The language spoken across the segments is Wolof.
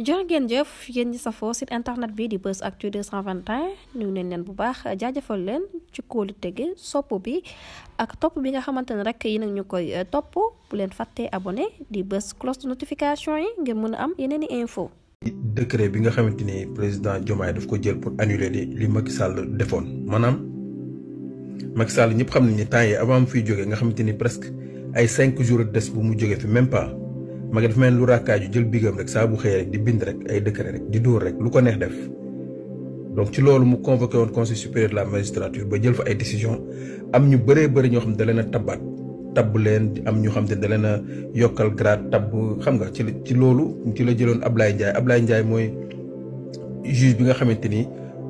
jërë ngeen jëf yéen ñi safoo site internet bi di Buzz Actu 221 ñu neen leen bu baax jaajëfal leen ci kóolu tege sopp bi ak topp bi nga xamante ne rek yi nag ñu koy eh, topp bu leen fàttee abone di bës cloche de notification yi ngir mën a am yeneen i info décret bi nga xamante ni président Diomaye daf ko jël pour annule li li Macky Sall defoon maanaam Macky Sall ñëpp xam nañ ne temps yi avant mu fiy jógee nga xamante ni presque ay cinq jours des bu mu jógee fi même pas magi dafa mel lu rakkaaju jël bigam rek saa bu xëyee rek di bind rek ay décret rek di dóor rek lu ko neex def donc ci loolu mu convoqué woon conseil supérieur la magistrature ba jël fa ay décision am ñu bëree bëri ñoo xam ne da leen a tabaat tabb leen am ñu xam ne da leen a yokkal grade tabb xam nga ci ci loolu ci la jëloon ab Ablaye Ndiaye Ablaye Ndiaye mooy juge bi nga xamante ni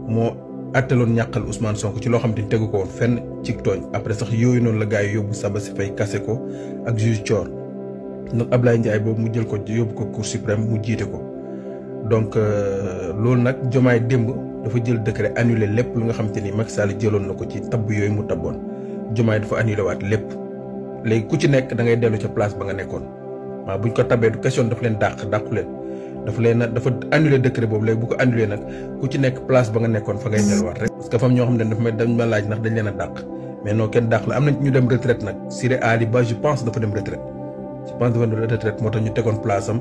moo atteloon ñàqal Ousmane Sonko ci loo xam ne tegu ko woon fenn ci tooñ après sax yooyu noonu la gars yi yóbbu Saba si fay kase ko ak juge Thior ab Ablaye njaay boobu mu jël ko yóbbu ko cour suprême mu jiite ko donc euh, loolu nag jomaay démb dafa jël décret annulé lépp lu nga xam te ni Macky Sall jëloon na ko ci tab yooyu mu tabboon jomaay dafa annulé waat lépp léegi ku ci nekk da ngay dellu ca place ba nga nekkoon waaw buñ ko tabee du question dafa leen dàq dàqu leen dafa leen nag dafa annulé décret boobu léegi bu ko annulé nag ku ci nekk place ba nga nekkoon fa ngay delluwaat rek. parce fam ñoo ne dafa may dañ ma leen a dàq mais non kenn dàq la am je pense dafa doon retraite moo tax ñu tegoon place am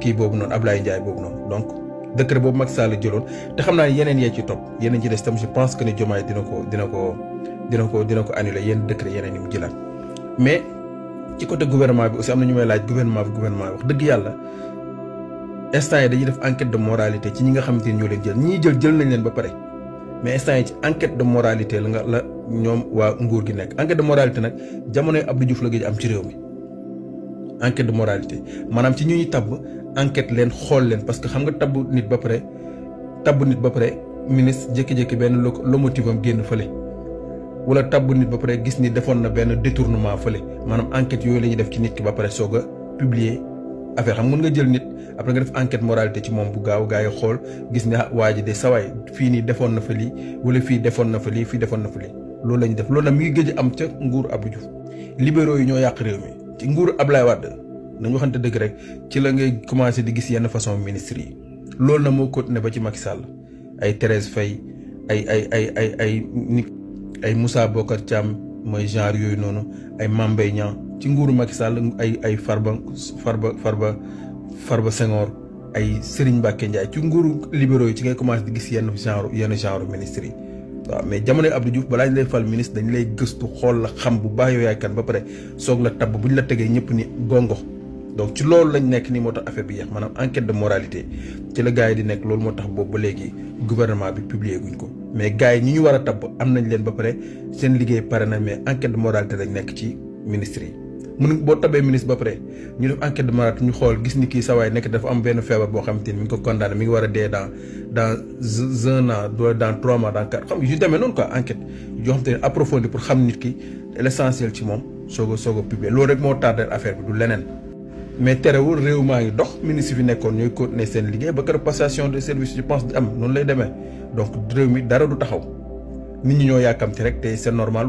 kii boobu noonu Ablaye Ndiaye boobu noonu donc décret boobu Macky Sall jëloon te xam naa yeneen yee ci topp yeneen ci des tam je pense que ni Diomaye dina ko dina ko dina ko dina ko annuler yenn décret yeneen yi mu jëlaat mais ci côté gouvernement bi aussi am na ñu may laaj gouvernement bi gouvernement bi wax dëgg yàlla instant dañuy def enquete de moralité ci ñi nga xamante ni ñoo leen jël ñii jël jël nañ leen ba pare mais instant yi de moralité la nga la ñoom waa nguur gi nekk enquête moralité nag jamonoy Abdou Diouf la gëj am ci réew mi enquête de moralité maanaam ci ñu ñuy tabb enquête leen xool leen parce que xam nga tabb nit ba pare tabb nit ba pare ministre jékki-jékki benn locomotive am génn fële. wala tabb nit ba pare gis ni defoon na benn détournement fële maanaam enquête yooyu la ñuy def ci nit ki ba pare soog a publier affaire xam mën nga jël nit après nga def enquête moralité ci moom bu gaaw gaa xool gis ne ah, waa ji de sawaay fii nii defoon na fa lii wala fii defoon na fa lii fii defoon na fa lii loolu la def loolu nag mi ngi am ca nguur Abdou Diouf yi ñoo yàq réew ci nguuru Ablaye Wade nañu waxante dëgg rek ci la ngay commencé di gis yenn façon ministre yi loolu na moo continué ba ci mag sàll ay Thérèse Faye ay ay ay ay ay ay Moussa Bocar Thiam mooy genre yooyu noonu ay Mame Mbaye Niang ci nguuru Macky Sall ay far far ba far ba far Farba Senghor ay Serigne Mbacké Ndiaye ci nguuru libéraux yi ci ngay commencé di gis yenn genre yenn genre ministre yi. waaw mais jamonoy Abdou Diouf balaa ñu lay fal ministre dañu lay gëstu xool la xam bu baax yow yaay kan ba pare soog la tabb bu ñu la tegee ñëpp ni gongo donc ci loolu lañ nekk nii moo tax affaire bi yeex maanaam enquête de moralité ci la gars yi di nekk loolu moo tax boobu ba léegi gouvernement bi publier guñ ko mais gars yi ñi ñu war a tabb am nañ leen ba pare seen liggéey pare na mais enquête de moralité lañ nekk ci ministre yi. mun boo tabee ministre ba pare ñu def enquête de malade ñu xool gis ni kii sawaay nekk dafa am benn feebar boo xam te ni ngi ko condamné mi ngi war a dee dans dans un an dans trois mois dans xam yu demee noonu quoi enquête yoo xam te ne pour xam ki l' essentiel moom soog a soo a publier loolu rek moo tardé affaire bi du leneen mais terewul réew maa ngi dox ministre fi nekkoon ñooy ne seen liggéey ba kër passation de service je pense di am noonu lay demee donc réew du taxaw nit ñi ñoo yàkkamti